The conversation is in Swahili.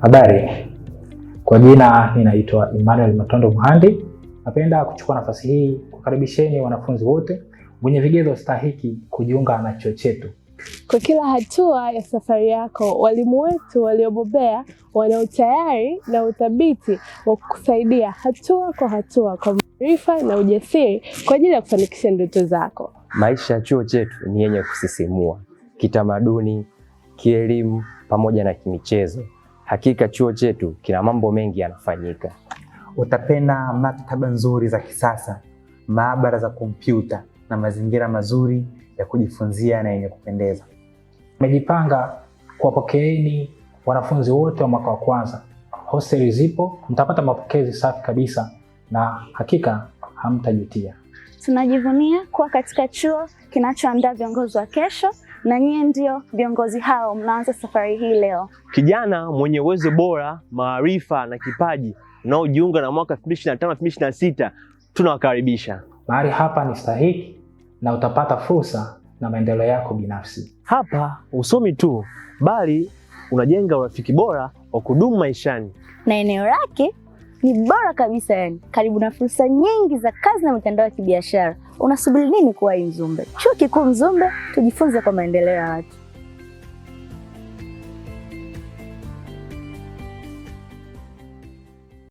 Habari, kwa jina ninaitwa Emmanuel Matondo Muhandi. Napenda kuchukua nafasi hii kukaribisheni wanafunzi wote wenye vigezo stahiki kujiunga na chuo chetu. Kwa kila hatua ya safari yako, walimu wetu waliobobea wana utayari na uthabiti wa kukusaidia hatua kwa hatua kwa maarifa na ujasiri kwa ajili ya kufanikisha ndoto zako. Maisha ya chuo chetu ni yenye kusisimua kitamaduni, kielimu pamoja na kimichezo. Hakika chuo chetu kina mambo mengi yanafanyika. Utapenda maktaba nzuri za kisasa, maabara za kompyuta na mazingira mazuri ya kujifunzia na yenye kupendeza. Tumejipanga kuwapokeeni wanafunzi wote wa mwaka wa kwanza. Hosteli zipo, mtapata mapokezi safi kabisa na hakika hamtajutia. Tunajivunia kuwa katika chuo kinachoandaa viongozi wa kesho na nyie ndio viongozi hao mnaanza safari hii leo. Kijana mwenye uwezo bora, maarifa na kipaji unaojiunga na mwaka 2025 2026 tunawakaribisha. Mahali hapa ni stahiki na utapata fursa na maendeleo yako binafsi. Hapa usomi tu, bali unajenga urafiki bora wa kudumu maishani, na eneo lake ni bora kabisa yani. Karibu na fursa nyingi za kazi na mitandao ya kibiashara. Unasubiri nini kuwahi Mzumbe? Chuo Kikuu Mzumbe, tujifunze kwa maendeleo ya watu.